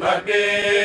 Mbakke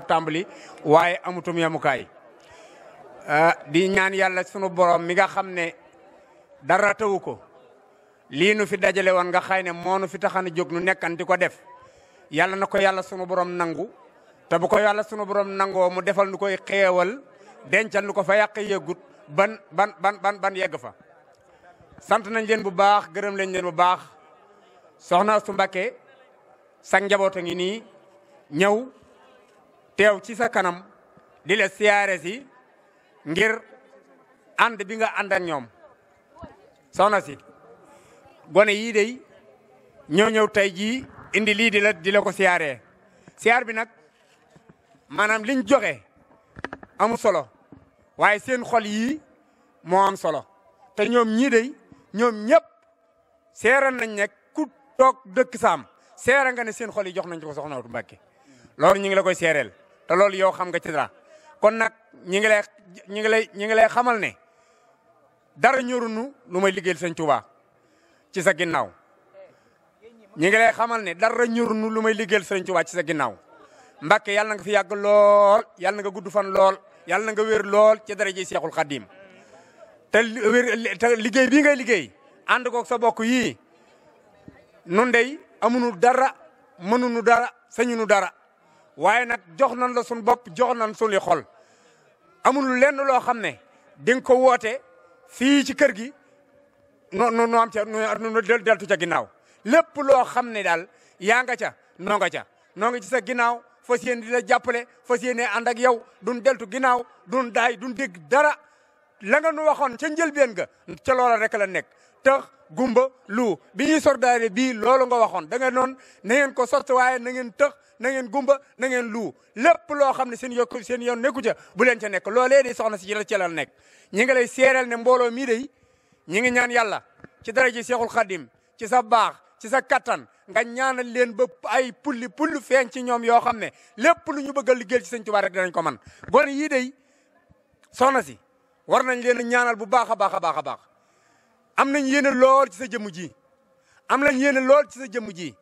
ab tàmbali waaye amutum yemukaay ah, di ñaan yàlla sunu borom mi nga xam ne dara tawu ko lii fi dajale woon nga xay ne moo nu fi taxan a jóg nu nekkan di ko def yàlla na ko yàlla sunu borom nangu te bu ko yàlla sunu borom nangoo mu defal nu koy xeewal dencal nu ko fa yàq yeggut ban ban ban ban yegg fa. sant nañ leen bu baax gërëm leen bu baax soxna su Mbàkke sa njaboot a ngi nii ñëw. teew ci sa kanam di la siyaare si ngir ànd bi nga ànd ñoom soxna si gone yii dey ñoo ñëw tey jii indi lii di la di la ko siyaaree siyaar bi nag maanaam liñ joxe amul solo waaye seen xol yii moo am solo te ñoom ñii dey ñoom ñëpp seera nañ ne ku toog dëkk saam seera nga ne seen xol yi jox nañ ko soxna Atou Mbacké loolu ñu ngi la koy seereel te loolu yow xam nga ci dara kon nag ñi ngi lay ñi ngi lay ñi ngi lay xamal ne dara ñorunu lu may liggéey sëñ ci sa ginnaaw ñi ngi lay xamal ne dara ñorunu lu may liggéey sëñ ci sa ginnaaw Mbàkke yàlla na nga fi yàgg lool yàlla na nga gudd fan lool yàlla nanga nga wér lool ci dara ji Seexul Xadiim te wér liggéey bii ngay liggéey ànd koog sa bokk yi nun dey amuñu dara mënuñu dara sañunu dara waaye nag jox nañ la suñ bopp jox nañ suñu xol amul lenn loo xam ne ding ko woote fii ci kër gi no no am ca nu deltu ca ginnaaw lépp loo xam ne daal yaa nga ca noo nga ca nonga ngi ci sa ginnaaw fas yéene di la jàppale fas yéene ànd ak yow duñ deltu ginnaaw duñ daay duñ dégg dara la nga nu waxoon ca njëlbeen ga ca loola rek la nekk tax gumba lu bi ñuy sordaare bii loolu nga waxoon da nga noon na ngeen ko sort waaye na ngeen tëx na ngeen gumba na ngeen lu lépp loo xam ne seen yokk seen yoon nekku ca bu leen ca nekk loolee di soxna si ci la ci la nekk ñi ngi lay seeral ne mbooloo mii dey ñi ngi ñaan yàlla ci dara ji Seexul Xadim ci sa baax ci sa kattan nga ñaanal leen ba ay pulli pulli feeñ ci ñoom yoo xam ne lépp lu ñu bëgg a liggéeyal ci Sëñ Tuubaa rek dinañ ko man gone yii day soxna si war nañ leen ñaanal bu baax a baax a baax a baax am nañ yéene lool ci sa jëmm ji am nañ yéene lool ci sa jëmm ji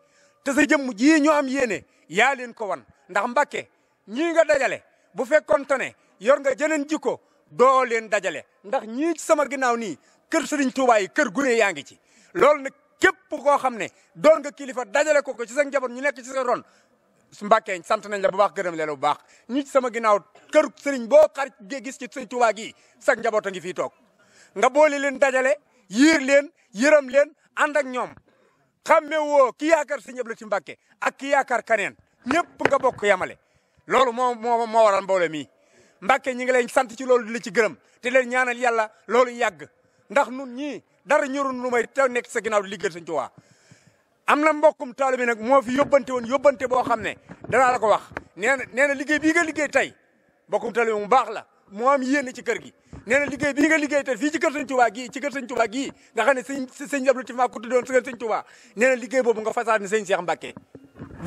te jëmm ji ñoo am yéene yaa leen ko wan ndax mbake ñii nga dajale bu fekkonte ne yor nga jeneen jikko doo leen dajale ndax ñii ci sama ginnaaw nii kër Sëriñ Tuubaa yi kër gune yaa ngi ci loolu nag képp koo xam ne doon nga kilifa dajale ko ko ci sa njaboot ñu nekk ci sa ron su Mbàkke sant nañ la bu baax gërëm la bu baax ñii ci sama ginnaaw kër sëriñ boo kar xar gis ci Sëriñ Tuubaa gi sa njaboot a ngi fii toog nga boole leen dajale yiir leen yërëm leen ànd ak ñoom xamme woo ki yaakaar sëñ Abdou Latif Mbàkke ak ki yaakaar kaneen ñëpp nga bokk yamale loolu moo moo moo waral mbooloo mi Mbàkke ñi ngi lay sant ci loolu di la ci gërëm te leen ñaanal yàlla loolu yàgg ndax nun ñii dara ñorun lu may te nekk se ginnaaw di liggéey sëñ Tuubaa am na mbokkum taal bi nag moo fi yóbbante woon yóbbante boo xam ne danaa la ko wax nee na nee na liggéey bii nga liggéey tey mbokkum taal bi mu baax la moo am yéene ci kër gi nee na liggéey bii nga liggéey te fii ci kër sëñ Tuubaa gii ci kër sëñ Tuubaa gii nga xam ne sëñ sëñ Abdou Latif ku tuddoon kër sëñ Tuubaa nee na liggéey boobu nga fasaat ni sëñ Cheikh Mbacké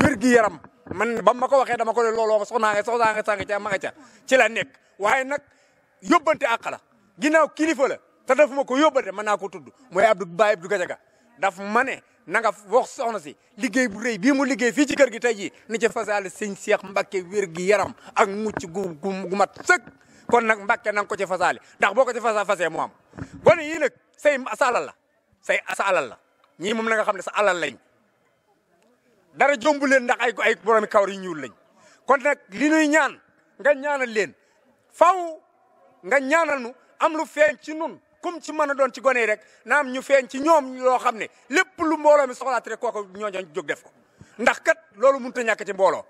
wér gi yaram man ba ma ko waxee dama ko ne looloo ko soxnaa nga soxnaa nga sànq ca ma nga ca ci la nekk waaye nag yóbbante àq la ginnaaw kilifa la te daf ma ko yóbbante mën naa ko tudd mooy Abdou Baye Abdou Gadiaga daf ma ne na nga wax soxna si liggéey bu rëy bii mu liggéey fii ci kër gi tey jii ni ci fasaale sëñ Cheikh Mbacké wér gi yaram ak mucc gu gu mat sëkk kon nag Mbàkke na ko ci fasaale ndax boo ko ci fasa fasee mu am gone yii nag say sa alal la say sa alal la ñii moom la xam ne sa alal lañ dara jombuleen leen ndax ay ay boromi kawar yu ñuul lañ kon nag li ñuy ñaan nga ñaanal leen faw nga ñaanal nu am lu feen ci nun comme ci mën a doon ci gone yi rek na am ñu feeñ ci ñoom loo xam ne lépp lu mbooloo mi soxlaat rek kooku ñooñu jóg def ko ndax kat loolu mënut a ñàkk ci mbooloo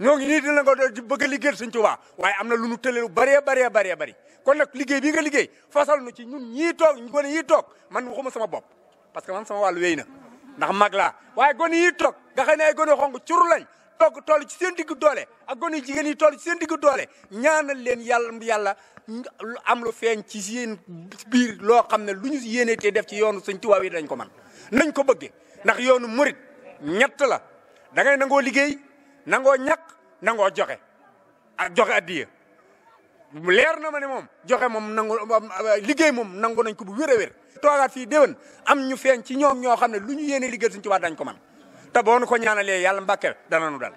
ñoo ngi nii dina ko doon bëgg a liggéeyal Sëñ Tuubaa waaye am na lu nu tële lu bëree bëree bëree bëri kon nag liggéey bii nga liggéey fasal nu ci ñun ñii toog ñu gone yii toog man waxuma sama bopp parce que man sama wàllu wéy na ndax mag laa waaye gone yii toog nga xam ne ay gone xonk curu lañ toog toll ci seen diggu doole ak gone jigéen yi toll ci seen diggu doole ñaanal leen yàlla yàlla am lu feeñ ci seen biir loo xam ne lu ñu yéene te def ci yoonu Sëñ Tuubaa yi dañ ko man nañ ko bëggee ndax yoonu murit ñett la da ngay nangoo liggéey nangoo ñàkk nangoo joxe ak joxe addiya leer na ma ne moom joxe moom nangu liggéey moom nangu nañ ko bu wér a wér toogaat fii déwén am ñu feeñ ci ñoom ñoo xam ne lu ñu yéene liggéey suñ ci waat dañ ko man te boo ko ñaanalee yàlla mbàkke dana nu dal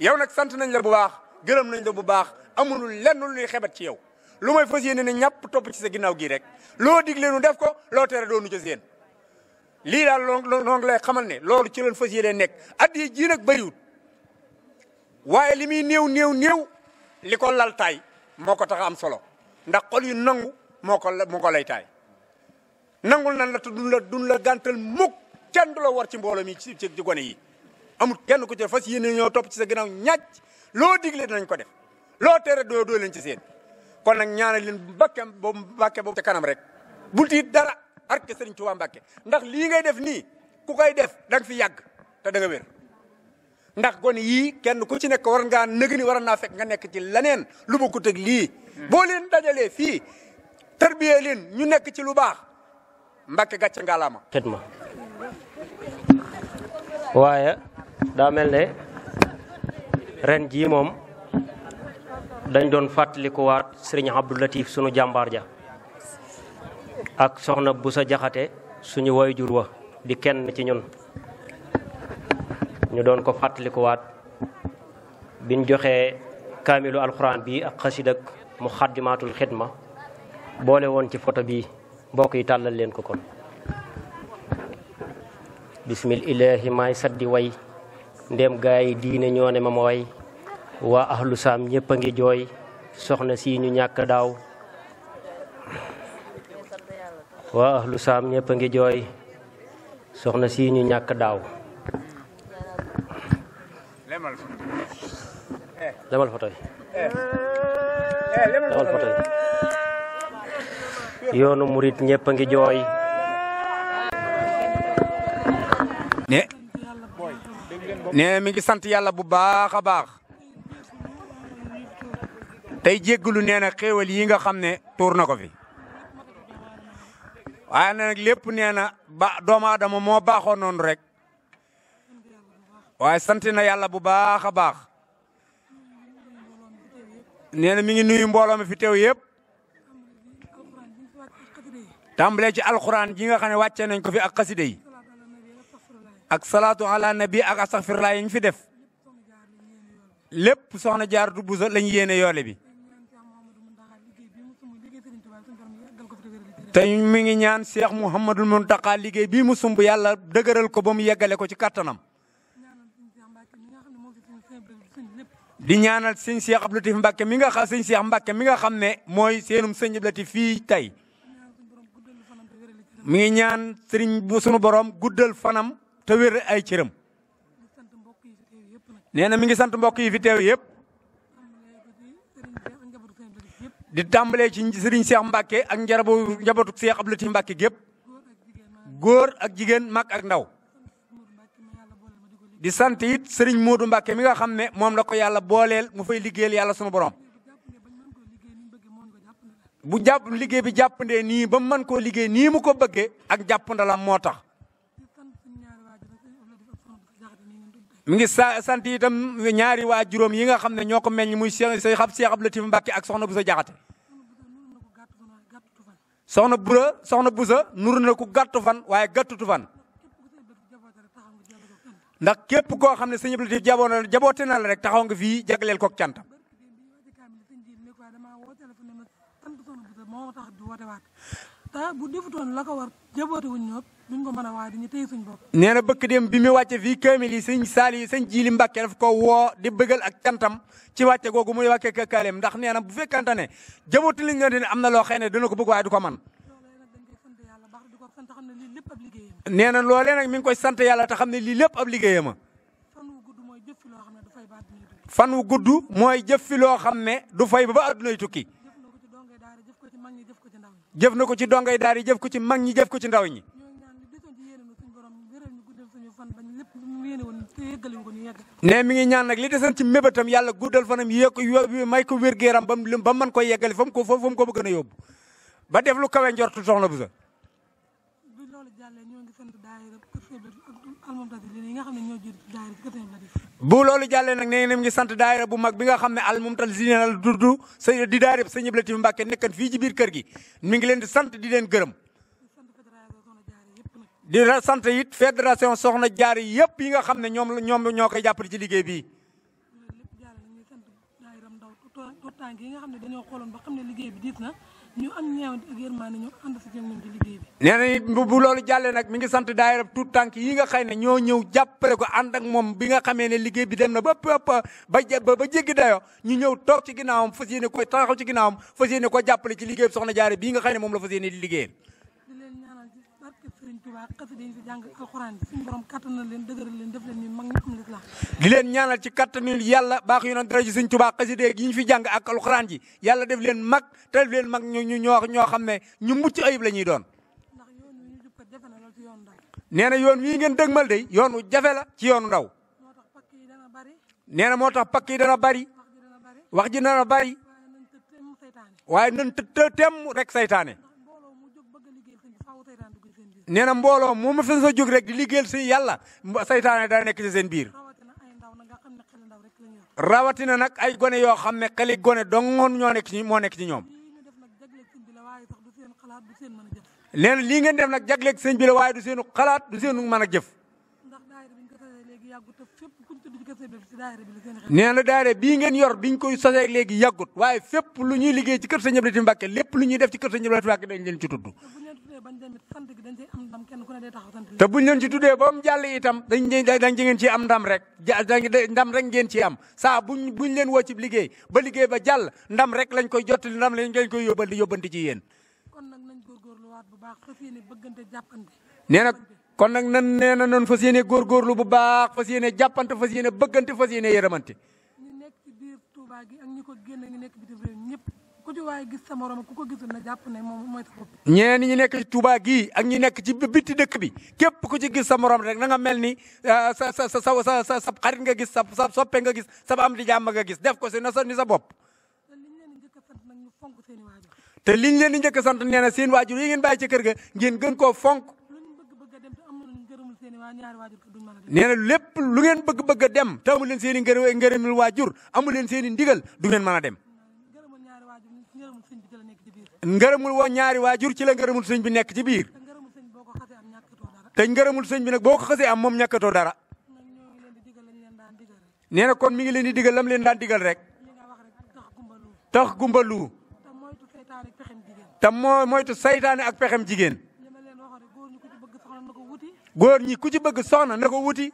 yow nag sant nañ la bu baax gërëm nañ la bu baax amulul lenn lu ñuy xebat ci yow lu may fas yéene ne ñàpp topp ci sa ginnaw gii rek loo digle nu def ko loo tere doonu jës yéen lii daal loo loo ngi lay xamal ne loolu ci fa fas le nekk at yi ji nag bëriwut waaye li muy néew néew néew li ko lal taay moo ko tax am solo ndax xol yu nangu moko ko moo ko lay taay nangul nan la te duñ la duñ la gàntal mukk kenn du war ci mbooloo mi ci ci gone yi amul kenn ku ci fas yéene ñoo topp ci sa ginnaaw ñaaj loo digle dinañ ko def loo tere doo doo leen ci seen kon nag ñaanal leen mbàkke boobu mbàkke boobu ca kanam rek bul tiit dara arke Sëriñ Tuubaa Mbàkke ndax lii ngay def nii ku koy def da nga fi yàgg te da ndax gone yii kenn ku ci nekk war ngaa nëgëni war naa fekk nga nekk ci leneen lu ba ko teg lii boo leen dajalee fii tarbiyee leen ñu nekk ci lu baax mbàkke gàcce ngalaama ma waaye daa mel ne ren jii moom dañ doon fàttalikuwaat sëriñ Abdou Latif sunu jàmbaar ja ak soxna bu sa jaxate suñu waajur wa di kenn ci ñun ñu doon ko fàttalikuwaat biñ joxe kaamilu alxuraan bi ak xasid ak muxaddimaatul xidma boole woon ci photo bi mbokk yi tàllal leen ko kon bismillahi maay saddi way ndem gaa yi diine ñoo ne ma ma way waa ahlu saam ñëpp a ngi jooy soxna si ñu ñàkk daaw waa ahlu saam ñëpp a ngi jooy soxna si ñu ñàkk daaw demal fa eh. eh. eh, yoonu murit ñëpp ngi jooy ne ne mi ngi sant yàlla bu baax a baax tey jéggalu nee na xéewal yi nga xam ne tuur na ko fi waaye nag lépp nee ba doomu aadama moo baaxoo noonu rek waaye sant na yàlla bu baax a baax nee na mi ngi nuyu mbooloo mi fi teew yépp tàmbalee ci alxuraan ji nga xam ne wàccee nañ ko fi ak xaside ak salaatu ala nabi ak astaxfirlaa yi ñu fi def lépp soxna jaar du buso lañ yéene yoole bi te mi ngi ñaan Cheikh Mouhamadul Muntaqa liggéey bii mu sumb yàlla dëgëral ko ba mu yeggale ko ci kattanam di ñaanal sëñ Cheikh Abdou Latif Mbacke mi nga xam sëñ Cheikh mbakke mi nga xam ne mooy seenum sëñ Abdou Latif fii tey mi ngi ñaan sëriñ bu sunu borom guddal fanam te wér ay cëram nee na mi ngi sant mbokk yi fi teew yëpp di tàmbalee ci sëriñ Cheikh Mbacke ak njarabu njabootu Cheikh Abdou Latif Mbacke gépp góor ak jigéen mag ak ndaw di sant it Serigne Modou Mbacke mi nga xam ne moom la ko yàlla booleel mu fay liggéeyal yàlla sunu borom. bu jàpp liggéey bi jàppandee nii ba mu man koo liggéey nii mu ko bëggee ak jàppandalam moo tax. mi ngi sa sant itam ñaari waa juróom yi nga xam ne ñoo ko meññ muy Cheikh Cheikh Abdou Latif Mbacke ak Soxna Boussa Jaxate soxna Bura soxna Boussa nuru na ku gàttu fan waaye gàttutu fan ndax képp koo xam ne sëñ Abdou Latif jaboo na jaboote na la rek taxaw nga fii jagleel kook cantam te bu defutoon la ko war jaboote wuñ ñoom duñ ko mën a waaye dañuy suñ bopp. nee na bëkk dem bi mu wàcce fii kaamil yi sëñ Saali yi sëñ Jiili Mbàkke daf ko woo di bëgël ak cantam ci wàcce googu muy wàcce kakaaleem ndax nee na bu fekkante ne jaboote liñ nga ne am na loo xëy ne dina ko bëgg waaye du ko man nee na loolee nag mi ngi koy sant yàlla te xam ne lii lépp ab liggéeyama. fan wu gudd mooy jëf fi loo xam ne du fay ba addunay tukki. jëf na ko ci dongay daara jëf ko ci mag ñi jëf ko ci ndaw ñi. ne mi ngi ñaan nag li desan ci mébétam yàlla guddal fanam yéeg may ko wér-gu-yaram ba mu mën koy yeggali fa mu ko fa mu ko bëgg a yóbbu. ba def lu kawe njortu soxna bu sa jàllee ñoo ngi sant daayira ak nga xam ne ñoo jiitu daayira bu loolu jàllee nag nee na ngi sant daayira bu mag bi nga xam ne al Mumtazina la dudd sëñ di daayira Sëñ Abdou Latif Mbàkke nekkan fii ci biir kër gi mi ngi leen di sant di leen gërëm di sant it fédération soxna jaar yi yëpp yi nga xam ne ñoom ñoom ñoo koy jàppale ci liggéey bii yi nga xam ne dañoo xooloon bi diis na ñu am nee na bu bu loolu jàllee nag mi ngi sant daayira tuut tànk yi nga xëy ne ñoo ñëw jàppale ko ànd ak moom bi nga xamee ne liggéey bi dem na ba ba ba jéggi dayoo ñu ñëw toog ci ginnaawam fas yéene ko taxaw ci ginnaawam fas yéene ko jàppale ci liggéey bi soxna jaare bii nga xëy ne moom la fas yéene di liggéeyal di leen ñaanal ci kattanul yàlla baax yu naan dara ji sëñ Tuubaa xasida yi ñu fi jàng ak alxuraan ji yàlla def leen mag te def leen mag ñu ñoo ñoo xam ne ñu mucc ayib la ñuy doon nee na yoon wii ngeen dëgmal de yoonu jafe la ci yoonu ndaw nee na moo tax pakk yi dana bari wax ji dana bari waaye nan të temm rek saytaane nee mbooloo mu ma fen sa jóg rek di liggéeyal si yàlla saytaane daa nekk ci seen biir rawatina nag ay gone yoo xam ne xeli gone dongoon ñoo nekk ci moo nekk ci ñoom nee na lii ngeen def nag jagleeg sëñ bi la waaye du seenu xalaat du seenu mën a jëf. nee na daayira bii ngeen yor biñ koy sosee léegi yàggut waaye fépp lu ñuy liggéey ci kër sëñ Abdou Latif Mbacké lépp lu ñuy def ci kër sëñ Abdou Latif Mbacké dañ leen ci tudd. te buñ leen ci tuddee ba mu jàll itam dañ dañ ci ngeen ci am ndam rek ja ndam rek ngeen ci am saa buñ buñ leen woo ci liggéey ba liggéey ba jàll ndam rek lañ koy jottali ndam lañ koy yóbbal di yóbbanti ci yéen. nee na kon nag nan nee na noonu fas yéene góorgóorlu bu baax fas yéene jàppante fas yéene bëggante fas yéene yërëmante. ñeen ñi nekk ci Touba gii ak ñi nekk ci bitti dëkk bi képp ku ci gis sa morom rek na nga mel ni ah, sa sa sa sa sa sa xarit nga gis sa sa soppe nga gis sa am di jàmm nga gis def ko si na sa ni sa bopp. te liñ leen di njëkk sant nee na seen waajur yi ngeen bàyyi ci kër ga ngeen gën koo fonk. nee na lépp lu ngeen bëgg-bëgg a dem te amu leen seen i ngërë ngërëmul waajur amu leen seen i ndigal du ngeen mën a dem. ngërëmul woo ñaari waajur ci la ngërëmul sëñ bi nekk ci biir. te ngërëmul sëñ bi nag boo ko xasee am moom ñàkkatoo dara. nee kon mi ngi leen di digal lam leen daan digal rek. tax gumbalu te moo moytu saytaane ak pexem jigéen góor ñi ku bëgg soxna na ko wuti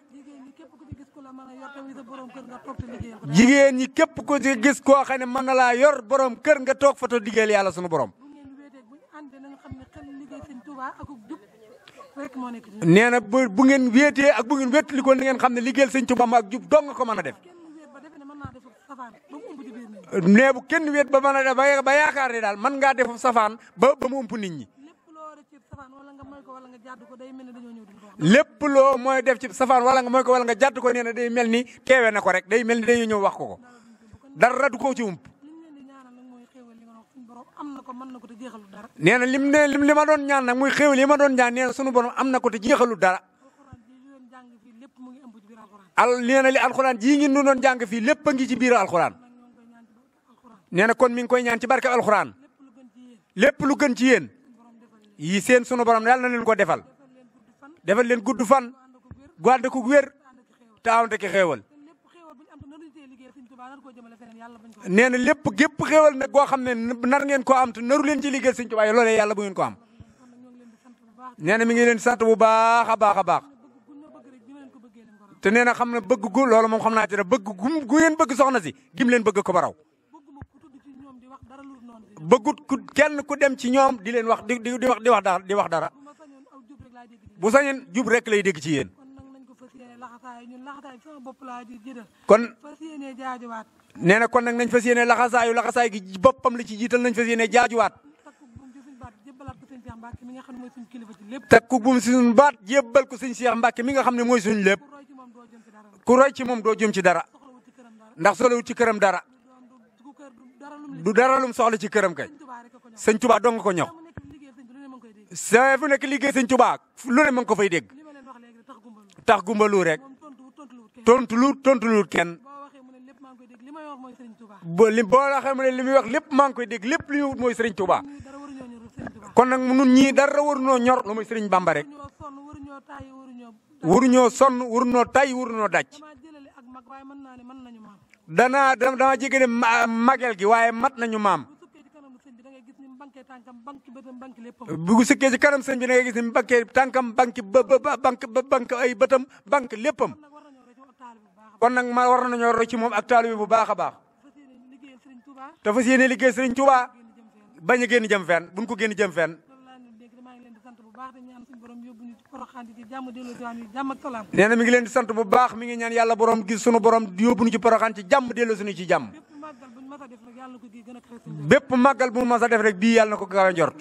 jigéen ñi képp ku gis koo xam ne mën na laa yor borom kër nga toog fa to liggéeyal yàlla sunu borom nee na bu ngeen wéetee ak bu ngeen wéetli ko na ngeen xam ne liggéeyal sëñ Tuubaa ak jub dong nga ko mën a def nee bu kenn wéet ba mën a ba yaakaar ne daal mën ngaa def safaan ba ba mu ëmp nit ñi. lépp loo mooy def ci safaan wala nga mooy ko wala nga jàdd ko nee na day mel ni teewe na ko rek day mel ni day ñëw wax ko ko dara du ko ci ump. nee na lim ne lim li ma doon ñaan nag muy xéewal yi ma doon ñaan nee na sunu borom am na ko te jeexalu dara. al nee na li alxuraan jii ngi nu doon jàng fii lépp ngi ci biir alxuraan. nee na kon mi ngi koy ñaan ci barke alxuraan lépp lu gën ci yéen yi seen sunu borom yàlla na leen ko defal defal leen gudd fan gu ànd ko wér te ànd ki xéewal nee na lépp gépp xéewal nag goo xam ne nar ngeen ko am te naru leen ci liggéeyal Sëñ Tuubaa loolee yàlla bu ngeen ko am nee na mi ngi leen sant bu baax a baax a baax te nee na xam ne bëgg gu loolo moom xam naa ci ne bëgg gu ngeen bëgg soxna si gim leen bëgg ko baraw bëggut ku kenn ku dem ci ñoom di leen wax di di di wax di wax dara di wax dara bu sañeen jub rek lay dégg ci yéen. kon nee na kon nag nañ fas yéene laxasaayu laxasaay gi boppam la ci jiital nañ fas yéene jaajuwaat. takku buum si suñu baat jébbal ko sëñ Cheikh Mbacke mi nga xam ne mooy suñu lépp. ku roy ci moom doo jëm ci dara. ndax solowut ci këram dara. du dara lum soxla ci këram kay sëñ Tuba dong ko ñox sa fu nekk liggéey sëñ Tuba lu ne ma ngi ko fay dégg tax gumbalu rek tontu lu tontu lu kenn ba li boo waxee mu ne li muy wax lépp maa ngi koy dégg lépp li muy wut mooy sëriñ Tuba kon nag nun ñii dara waruñoo ñor lu muy sëriñ Bamba rek waruñoo sonn waruñoo tay waruñoo daj. danaa dama jege ne magal gi waaye mat nañu maam. bu sëkkee ci kanam sëñ bi da ngay gis ni banque tànkam banque ba ba banque ba banque ay bëtam banque léppam. kon nag ma war na roy ci moom ak taalibe bu baax a baax. te fas yéene liggéey sëriñ Tuubaa bañ a génn jëm fenn buñ ko génn jëm fenn. baax di ñaan suñu borom yóbbu jàmm delloo si waat ñu jàmm ak mi ngi leen di sant bu baax mi ngi ñaan yàlla borom gis sunu borom yóbbu ñu ci poroxaan ci jàmm delloo suñu ci jàmm. bépp màggal bu ma sa def rek bii yàlla na ko kawe njort.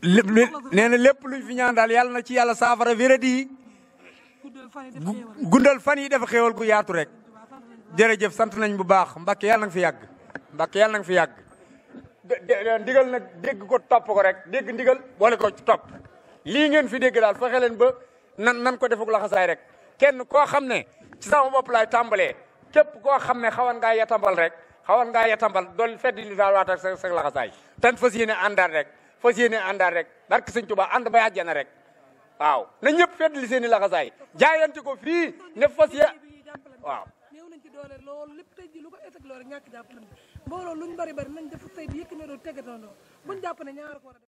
lépp nee na lépp luñ fi ñaan daal yàlla na ci yàlla saafara wéradi yi gundal fan yi dafa xéewal gu yaatu rek jërëjëf sant nañ bu baax Mbàkke yàlla na nga fi yàgg Mbàkke yàlla na nga fi yàgg ndigal na dégg ko top ko rek dégg ndigal boole ko topp lii ngeen fi dégg daal fexe leen ba nan nan ko defuk laxasaay rek kenn koo xam ne ci sama bopp laay tàmbalee képp koo xam ne xawan ya yatambal rek xawan ngaa ya tambal fedd li daal waat ak sa sa laxasaay tan fas yéene àndaat rek fas yéene àndaat rek barke sëñ Tuubaa ànd ba àjjana rek waaw na ñëpp fedd li seen i laxasaay ko fii ne fas ya waaw mbooloo luñ bari bari nañ def tey bi yëkk ne doo teggatandoo buñ jàpp ne ñaar ko war